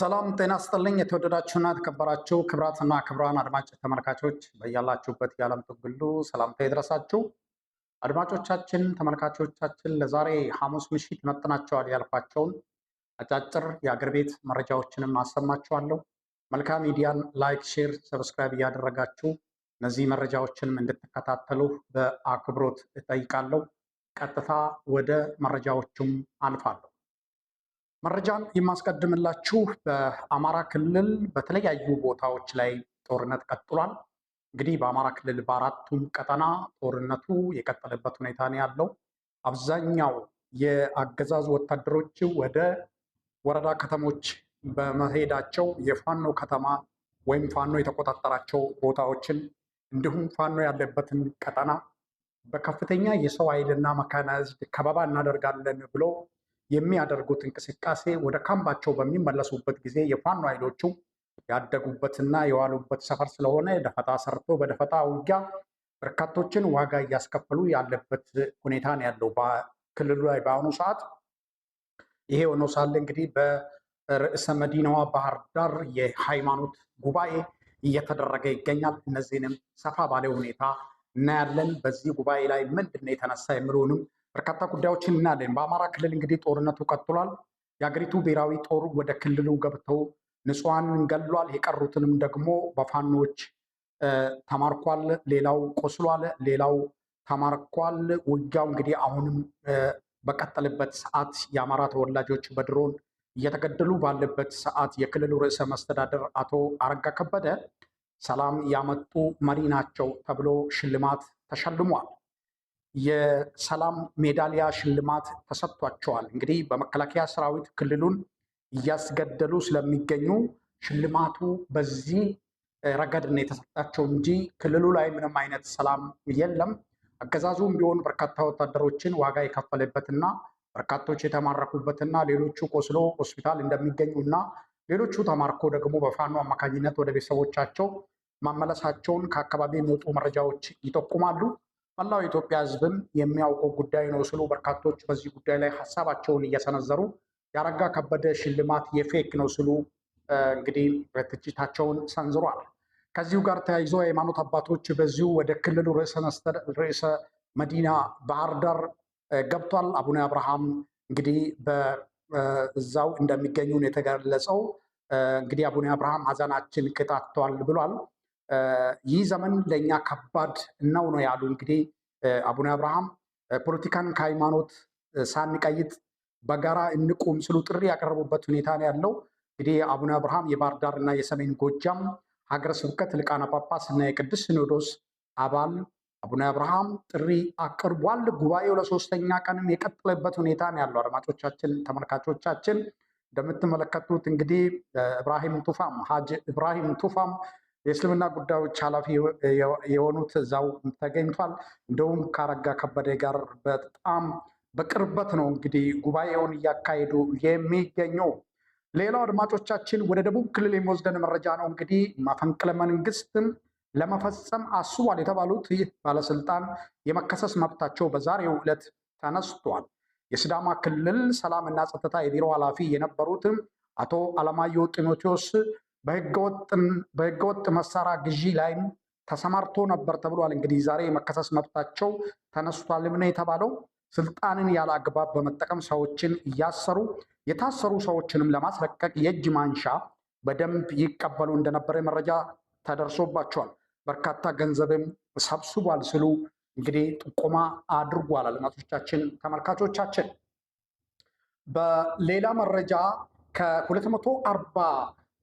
ሰላም ጤና ስጥልኝ። የተወደዳችሁና የተከበራችሁ ክብራትና ክብራን አድማጭ ተመልካቾች በያላችሁበት የዓለም ትግሉ ሰላምታ ይድረሳችሁ። አድማጮቻችን፣ ተመልካቾቻችን ለዛሬ ሐሙስ ምሽት መጥናቸዋል ያልኳቸውን አጫጭር የአገር ቤት መረጃዎችንም አሰማችኋለሁ። መልካም ሚዲያን ላይክ፣ ሼር፣ ሰብስክራይብ እያደረጋችሁ እነዚህ መረጃዎችንም እንድትከታተሉ በአክብሮት እጠይቃለሁ። ቀጥታ ወደ መረጃዎቹም አልፋለሁ። መረጃን የማስቀድምላችሁ በአማራ ክልል በተለያዩ ቦታዎች ላይ ጦርነት ቀጥሏል። እንግዲህ በአማራ ክልል በአራቱም ቀጠና ጦርነቱ የቀጠለበት ሁኔታ ነው ያለው። አብዛኛው የአገዛዙ ወታደሮች ወደ ወረዳ ከተሞች በመሄዳቸው የፋኖ ከተማ ወይም ፋኖ የተቆጣጠራቸው ቦታዎችን እንዲሁም ፋኖ ያለበትን ቀጠና በከፍተኛ የሰው ኃይልና መካናይዝድ ከበባ እናደርጋለን ብሎ የሚያደርጉት እንቅስቃሴ ወደ ካምባቸው በሚመለሱበት ጊዜ የፋኖ ኃይሎቹ ያደጉበትና የዋሉበት ሰፈር ስለሆነ ደፈጣ ሰርቶ በደፈጣ ውጊያ በርካቶችን ዋጋ እያስከፈሉ ያለበት ሁኔታ ነው ያለው በክልሉ ላይ በአሁኑ ሰዓት። ይሄ ሆኖ ሳለ እንግዲህ በርዕሰ መዲናዋ ባህር ዳር የሃይማኖት ጉባኤ እየተደረገ ይገኛል። እነዚህንም ሰፋ ባለ ሁኔታ እናያለን። በዚህ ጉባኤ ላይ ምንድነው የተነሳ የሚለውንም በርካታ ጉዳዮችን እናያለን። በአማራ ክልል እንግዲህ ጦርነቱ ቀጥሏል። የአገሪቱ ብሔራዊ ጦር ወደ ክልሉ ገብተው ንጹሐንን ገሏል። የቀሩትንም ደግሞ በፋኖች ተማርኳል። ሌላው ቆስሏል። ሌላው ተማርኳል። ውጊያው እንግዲህ አሁንም በቀጠለበት ሰዓት የአማራ ተወላጆች በድሮን እየተገደሉ ባለበት ሰዓት የክልሉ ርዕሰ መስተዳደር አቶ አረጋ ከበደ ሰላም ያመጡ መሪ ናቸው ተብሎ ሽልማት ተሸልሟል። የሰላም ሜዳሊያ ሽልማት ተሰጥቷቸዋል። እንግዲህ በመከላከያ ሰራዊት ክልሉን እያስገደሉ ስለሚገኙ ሽልማቱ በዚህ ረገድ ነው የተሰጣቸው እንጂ ክልሉ ላይ ምንም አይነት ሰላም የለም። አገዛዙም ቢሆን በርካታ ወታደሮችን ዋጋ የከፈለበትና በርካቶች የተማረኩበትና ሌሎቹ ቆስሎ ሆስፒታል እንደሚገኙ እና ሌሎቹ ተማርኮ ደግሞ በፋኖ አማካኝነት ወደ ቤተሰቦቻቸው ማመለሳቸውን ከአካባቢ የሚወጡ መረጃዎች ይጠቁማሉ። መላው የኢትዮጵያ ሕዝብም የሚያውቀው ጉዳይ ነው ሲሉ በርካቶች በዚህ ጉዳይ ላይ ሀሳባቸውን እየሰነዘሩ ያረጋ ከበደ ሽልማት የፌክ ነው ሲሉ እንግዲህ ትችታቸውን ሰንዝሯል። ከዚሁ ጋር ተያይዞ የሃይማኖት አባቶች በዚሁ ወደ ክልሉ ርዕሰ መዲና ባህር ዳር ገብቷል። አቡነ አብርሃም እንግዲህ በዛው እንደሚገኙ የተገለጸው እንግዲህ አቡነ አብርሃም ሀዘናችን ቅጣቷል ብሏል። ይህ ዘመን ለእኛ ከባድ ነው ነው ያሉ እንግዲህ አቡነ አብርሃም ፖለቲካን ከሃይማኖት ሳንቀይጥ በጋራ እንቁም ስሉ ጥሪ ያቀረቡበት ሁኔታ ነው ያለው። እንግዲህ አቡነ አብርሃም የባህር ዳር እና የሰሜን ጎጃም ሀገረ ስብከት ሊቃነ ጳጳስ እና የቅዱስ ሲኖዶስ አባል አቡነ አብርሃም ጥሪ አቅርቧል። ጉባኤው ለሶስተኛ ቀንም የቀጠለበት ሁኔታ ነው ያለው። አድማጮቻችን፣ ተመልካቾቻችን እንደምትመለከቱት እንግዲህ ኢብራሂም ቱፋም ሀጅ ኢብራሂም ቱፋም የእስልምና ጉዳዮች ኃላፊ የሆኑት እዛው ተገኝቷል። እንደውም ካረጋ ከበደ ጋር በጣም በቅርበት ነው እንግዲህ ጉባኤውን እያካሄዱ የሚገኘው። ሌላው አድማጮቻችን ወደ ደቡብ ክልል የሚወስደን መረጃ ነው። እንግዲህ መፈንቅለ መንግስትም ለመፈጸም አስቧል የተባሉት ይህ ባለስልጣን የመከሰስ መብታቸው በዛሬው ዕለት ተነስቷል። የሲዳማ ክልል ሰላምና ጸጥታ የቢሮ ኃላፊ የነበሩትም አቶ አለማየሁ ጢሞቴዎስ በህገወጥ መሳሪያ ግዢ ላይም ተሰማርቶ ነበር ተብሏል። እንግዲህ ዛሬ የመከሰስ መብታቸው ተነስቷል ነው የተባለው። ስልጣንን ያለ አግባብ በመጠቀም ሰዎችን እያሰሩ የታሰሩ ሰዎችንም ለማስለቀቅ የእጅ ማንሻ በደንብ ይቀበሉ እንደነበረ መረጃ ተደርሶባቸዋል። በርካታ ገንዘብም ሰብስቧል ሲሉ እንግዲህ ጥቆማ አድርጓል። አድማጮቻችን፣ ተመልካቾቻችን በሌላ መረጃ ከ240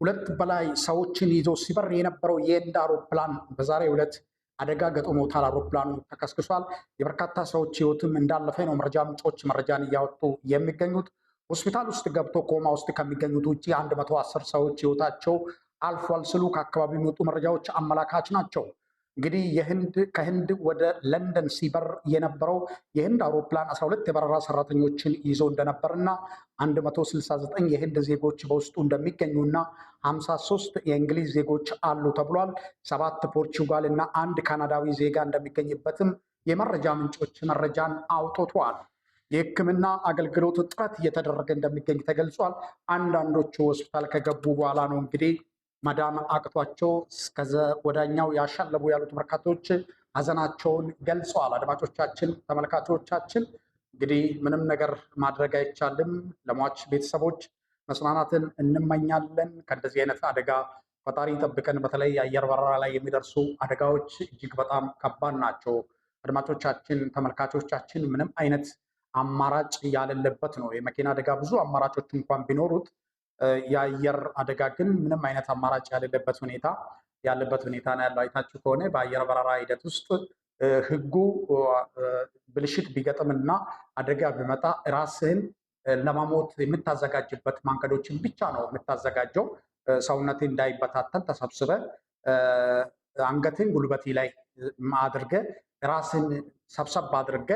ሁለት በላይ ሰዎችን ይዞ ሲበር የነበረው የህንድ አውሮፕላን በዛሬው ዕለት አደጋ ገጥሞታል። አውሮፕላኑ ተከስክሷል። የበርካታ ሰዎች ህይወትም እንዳለፈ ነው መረጃ ምንጮች መረጃን እያወጡ የሚገኙት። ሆስፒታል ውስጥ ገብቶ ኮማ ውስጥ ከሚገኙት ውጭ 110 ሰዎች ህይወታቸው አልፏል ስሉ ከአካባቢ የሚወጡ መረጃዎች አመላካች ናቸው። እንግዲህ የህንድ ከህንድ ወደ ለንደን ሲበር የነበረው የህንድ አውሮፕላን 12 የበረራ ሰራተኞችን ይዞ እንደነበርና 169 የህንድ ዜጎች በውስጡ እንደሚገኙና 53 የእንግሊዝ ዜጎች አሉ ተብሏል። ሰባት ፖርቹጋል እና አንድ ካናዳዊ ዜጋ እንደሚገኝበትም የመረጃ ምንጮች መረጃን አውጥቷል። የህክምና አገልግሎት ጥረት እየተደረገ እንደሚገኝ ተገልጿል። አንዳንዶቹ ሆስፒታል ከገቡ በኋላ ነው እንግዲህ መዳን አቅቷቸው እስከ ወዳኛው ያሻለቡ ያሉት በርካቶች ሀዘናቸውን ገልጸዋል። አድማጮቻችን፣ ተመልካቾቻችን እንግዲህ ምንም ነገር ማድረግ አይቻልም። ለሟች ቤተሰቦች መጽናናትን እንመኛለን። ከእንደዚህ አይነት አደጋ ፈጣሪ ጠብቀን። በተለይ የአየር በረራ ላይ የሚደርሱ አደጋዎች እጅግ በጣም ከባድ ናቸው። አድማጮቻችን፣ ተመልካቾቻችን ምንም አይነት አማራጭ ያለለበት ነው። የመኪና አደጋ ብዙ አማራጮች እንኳን ቢኖሩት የአየር አደጋ ግን ምንም አይነት አማራጭ ያሌለበት ሁኔታ ያለበት ሁኔታ ነው ያለው። አይታችሁ ከሆነ በአየር በረራ ሂደት ውስጥ ህጉ ብልሽት ቢገጥምና አደጋ ቢመጣ ራስህን ለማሞት የምታዘጋጅበት መንገዶችን ብቻ ነው የምታዘጋጀው። ሰውነት እንዳይበታተን ተሰብስበ አንገትን ጉልበቴ ላይ አድርገ ራስን ሰብሰብ አድርገ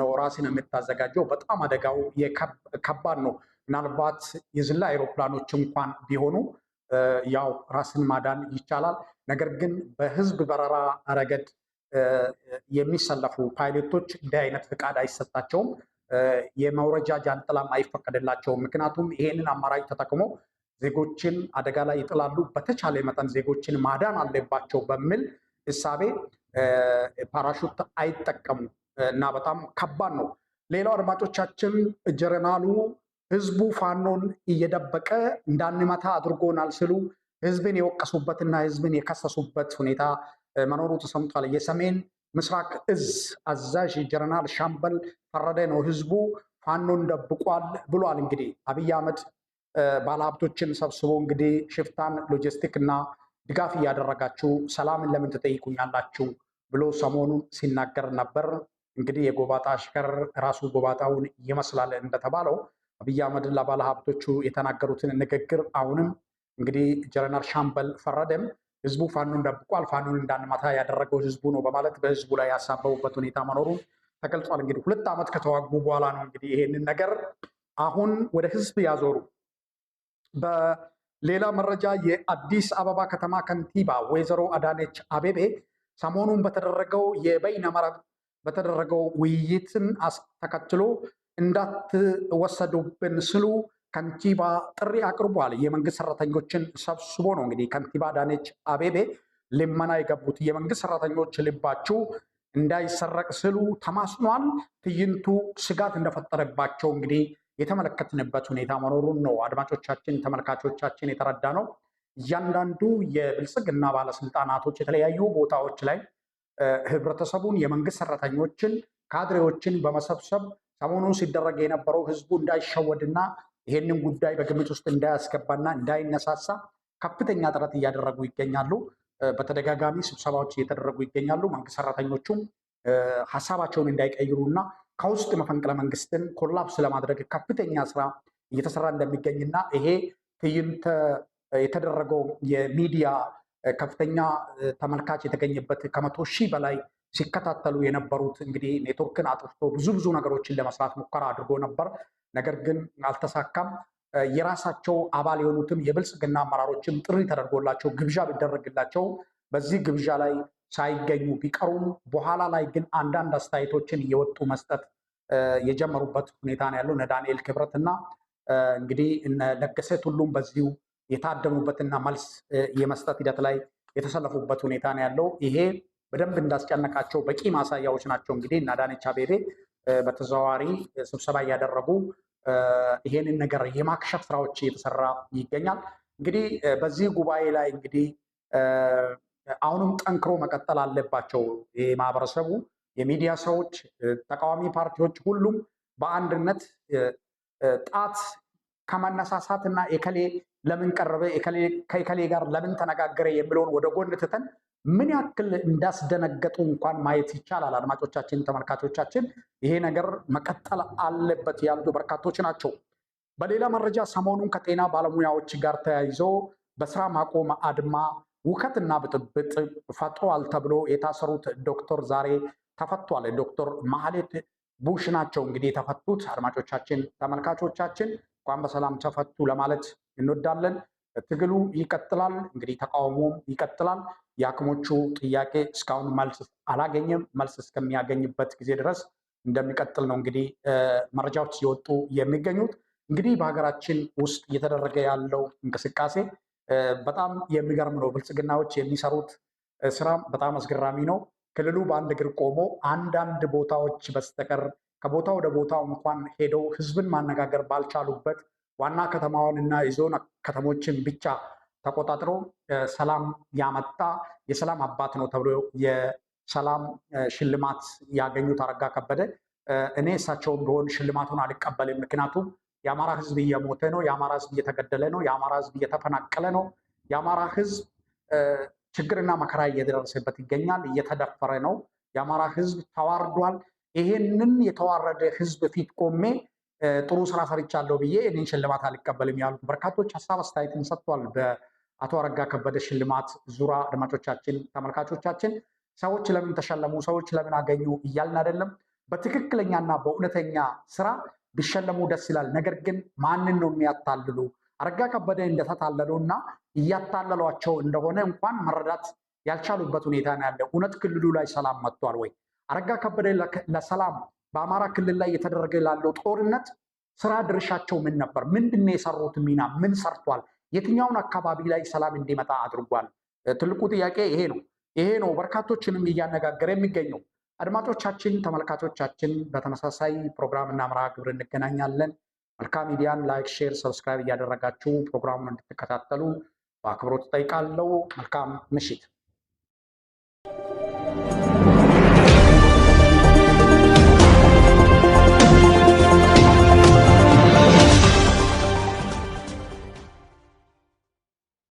ነው ራስን የምታዘጋጀው። በጣም አደጋው ከባድ ነው። ምናልባት የዝላ አይሮፕላኖች እንኳን ቢሆኑ ያው ራስን ማዳን ይቻላል። ነገር ግን በህዝብ በረራ ረገድ የሚሰለፉ ፓይለቶች እንዲህ አይነት ፍቃድ አይሰጣቸውም። የመውረጃ ጃንጥላም አይፈቀድላቸውም። ምክንያቱም ይሄንን አማራጭ ተጠቅሞ ዜጎችን አደጋ ላይ ይጥላሉ። በተቻለ መጠን ዜጎችን ማዳን አለባቸው በሚል እሳቤ ፓራሹት አይጠቀሙ እና በጣም ከባድ ነው። ሌላው አድማጮቻችን ጀረናሉ ህዝቡ ፋኖን እየደበቀ እንዳንመታ አድርጎናል ሲሉ ህዝብን የወቀሱበትና ህዝብን የከሰሱበት ሁኔታ መኖሩ ተሰምቷል። የሰሜን ምስራቅ እዝ አዛዥ ጀነራል ሻምበል ፈረደ ነው ህዝቡ ፋኖን ደብቋል ብሏል። እንግዲህ አብይ አህመድ ባለሀብቶችን ሰብስቦ እንግዲህ ሽፍታን ሎጂስቲክ እና ድጋፍ እያደረጋችሁ ሰላምን ለምን ትጠይቁኛላችሁ ብሎ ሰሞኑን ሲናገር ነበር። እንግዲህ የጎባጣ አሽከር ራሱ ጎባጣውን ይመስላል እንደተባለው አብይ አህመድ ለባለ ሀብቶቹ የተናገሩትን ንግግር አሁንም እንግዲህ ጀነራል ሻምበል ፈረደም ህዝቡ ፋኖን ደብቋል፣ ፋኖን እንዳንማታ ያደረገው ህዝቡ ነው በማለት በህዝቡ ላይ ያሳበቡበት ሁኔታ መኖሩን ተገልጿል። እንግዲህ ሁለት ዓመት ከተዋጉ በኋላ ነው እንግዲህ ይሄንን ነገር አሁን ወደ ህዝብ ያዞሩ። በሌላ መረጃ የአዲስ አበባ ከተማ ከንቲባ ወይዘሮ አዳነች አቤቤ ሰሞኑን በተደረገው የበይነ መረብ በተደረገው ውይይትን ተከትሎ እንዳትወሰዱብን ስሉ ከንቲባ ጥሪ አቅርቧል። የመንግስት ሰራተኞችን ሰብስቦ ነው እንግዲህ ከንቲባ አዳነች አቤቤ ልመና የገቡት የመንግስት ሰራተኞች ልባችሁ እንዳይሰረቅ ስሉ ተማስኗል። ትዕይንቱ ስጋት እንደፈጠረባቸው እንግዲህ የተመለከትንበት ሁኔታ መኖሩን ነው አድማጮቻችን፣ ተመልካቾቻችን የተረዳ ነው። እያንዳንዱ የብልጽግና ባለስልጣናቶች የተለያዩ ቦታዎች ላይ ህብረተሰቡን፣ የመንግስት ሰራተኞችን፣ ካድሬዎችን በመሰብሰብ ሰሞኑን ሲደረግ የነበረው ህዝቡ እንዳይሸወድና ይሄንን ጉዳይ በግምት ውስጥ እንዳያስገባና እንዳይነሳሳ ከፍተኛ ጥረት እያደረጉ ይገኛሉ። በተደጋጋሚ ስብሰባዎች እየተደረጉ ይገኛሉ። መንግስት ሰራተኞቹም ሀሳባቸውን እንዳይቀይሩና ከውስጥ መፈንቅለ መንግስትን ኮላፕስ ለማድረግ ከፍተኛ ስራ እየተሰራ እንደሚገኝና ይሄ ትዕይንተ የተደረገው የሚዲያ ከፍተኛ ተመልካች የተገኘበት ከመቶ ሺህ በላይ ሲከታተሉ የነበሩት እንግዲህ ኔትወርክን አጥፍቶ ብዙ ብዙ ነገሮችን ለመስራት ሙከራ አድርጎ ነበር። ነገር ግን አልተሳካም። የራሳቸው አባል የሆኑትም የብልጽግና አመራሮችም ጥሪ ተደርጎላቸው ግብዣ ቢደረግላቸው በዚህ ግብዣ ላይ ሳይገኙ ቢቀሩም በኋላ ላይ ግን አንዳንድ አስተያየቶችን እየወጡ መስጠት የጀመሩበት ሁኔታ ነው ያለው። እነ ዳንኤል ክብረት እና እንግዲህ እነ ለገሰ ቱሉም በዚሁ የታደሙበትና መልስ የመስጠት ሂደት ላይ የተሰለፉበት ሁኔታ ነው ያለው ይሄ በደንብ እንዳስጨነቃቸው በቂ ማሳያዎች ናቸው። እንግዲህ እና አዳነች አቤቤ በተዘዋዋሪ ስብሰባ እያደረጉ ይሄንን ነገር የማክሸፍ ስራዎች እየተሰራ ይገኛል። እንግዲህ በዚህ ጉባኤ ላይ እንግዲህ አሁንም ጠንክሮ መቀጠል አለባቸው። የማህበረሰቡ የሚዲያ ሰዎች፣ ተቃዋሚ ፓርቲዎች፣ ሁሉም በአንድነት ጣት ከመነሳሳት እና የከሌ ለምን ቀረበ ከከሌ ጋር ለምን ተነጋገረ የሚለውን ወደ ጎን ትተን ምን ያክል እንዳስደነገጡ እንኳን ማየት ይቻላል። አድማጮቻችን፣ ተመልካቾቻችን ይሄ ነገር መቀጠል አለበት ያሉ በርካቶች ናቸው። በሌላ መረጃ ሰሞኑን ከጤና ባለሙያዎች ጋር ተያይዞ በስራ ማቆም አድማ ውከትና ብጥብጥ ፈጥሯል ተብሎ የታሰሩት ዶክተር ዛሬ ተፈቷል። ዶክተር ማህሌት ቡሽ ናቸው እንግዲህ የተፈቱት። አድማጮቻችን፣ ተመልካቾቻችን እንኳን በሰላም ተፈቱ ለማለት እንወዳለን። ትግሉ ይቀጥላል። እንግዲህ ተቃውሞም ይቀጥላል። የሐኪሞቹ ጥያቄ እስካሁን መልስ አላገኘም። መልስ እስከሚያገኝበት ጊዜ ድረስ እንደሚቀጥል ነው እንግዲህ መረጃዎች ሲወጡ የሚገኙት። እንግዲህ በሀገራችን ውስጥ እየተደረገ ያለው እንቅስቃሴ በጣም የሚገርም ነው። ብልጽግናዎች የሚሰሩት ስራም በጣም አስገራሚ ነው። ክልሉ በአንድ እግር ቆሞ አንዳንድ ቦታዎች በስተቀር ከቦታ ወደ ቦታው እንኳን ሄደው ህዝብን ማነጋገር ባልቻሉበት ዋና ከተማዋን እና የዞን ከተሞችን ብቻ ተቆጣጥሮ ሰላም ያመጣ የሰላም አባት ነው ተብሎ የሰላም ሽልማት ያገኙት አረጋ ከበደ እኔ እሳቸውም ቢሆን ሽልማቱን አልቀበልም። ምክንያቱም የአማራ ሕዝብ እየሞተ ነው። የአማራ ሕዝብ እየተገደለ ነው። የአማራ ሕዝብ እየተፈናቀለ ነው። የአማራ ሕዝብ ችግርና መከራ እየደረሰበት ይገኛል። እየተደፈረ ነው። የአማራ ሕዝብ ተዋርዷል። ይሄንን የተዋረደ ሕዝብ ፊት ቆሜ ጥሩ ስራ ሰርቻለሁ ብዬ እኔን ሽልማት አልቀበልም ያሉት በርካቶች ሀሳብ አስተያየትን ሰጥቷል። በአቶ አረጋ ከበደ ሽልማት ዙራ አድማጮቻችን፣ ተመልካቾቻችን ሰዎች ለምን ተሸለሙ፣ ሰዎች ለምን አገኙ እያልን አይደለም። በትክክለኛና በእውነተኛ ስራ ቢሸለሙ ደስ ይላል። ነገር ግን ማንን ነው የሚያታልሉ? አረጋ ከበደ እንደተታለሉ እና እያታለሏቸው እንደሆነ እንኳን መረዳት ያልቻሉበት ሁኔታ ነው ያለ። እውነት ክልሉ ላይ ሰላም መጥቷል ወይ? አረጋ ከበደ ለሰላም በአማራ ክልል ላይ እየተደረገ ላለው ጦርነት ስራ ድርሻቸው ምን ነበር? ምንድን ነው የሰሩት ሚና? ምን ሰርቷል? የትኛውን አካባቢ ላይ ሰላም እንዲመጣ አድርጓል? ትልቁ ጥያቄ ይሄ ነው። ይሄ ነው በርካቶችንም እያነጋገረ የሚገኘው። አድማጮቻችን፣ ተመልካቾቻችን በተመሳሳይ ፕሮግራም እና መርሃ ግብር እንገናኛለን። መልካም ሚዲያን ላይክ፣ ሼር፣ ሰብስክራይብ እያደረጋችሁ ፕሮግራሙን እንድትከታተሉ በአክብሮት ጠይቃለሁ። መልካም ምሽት።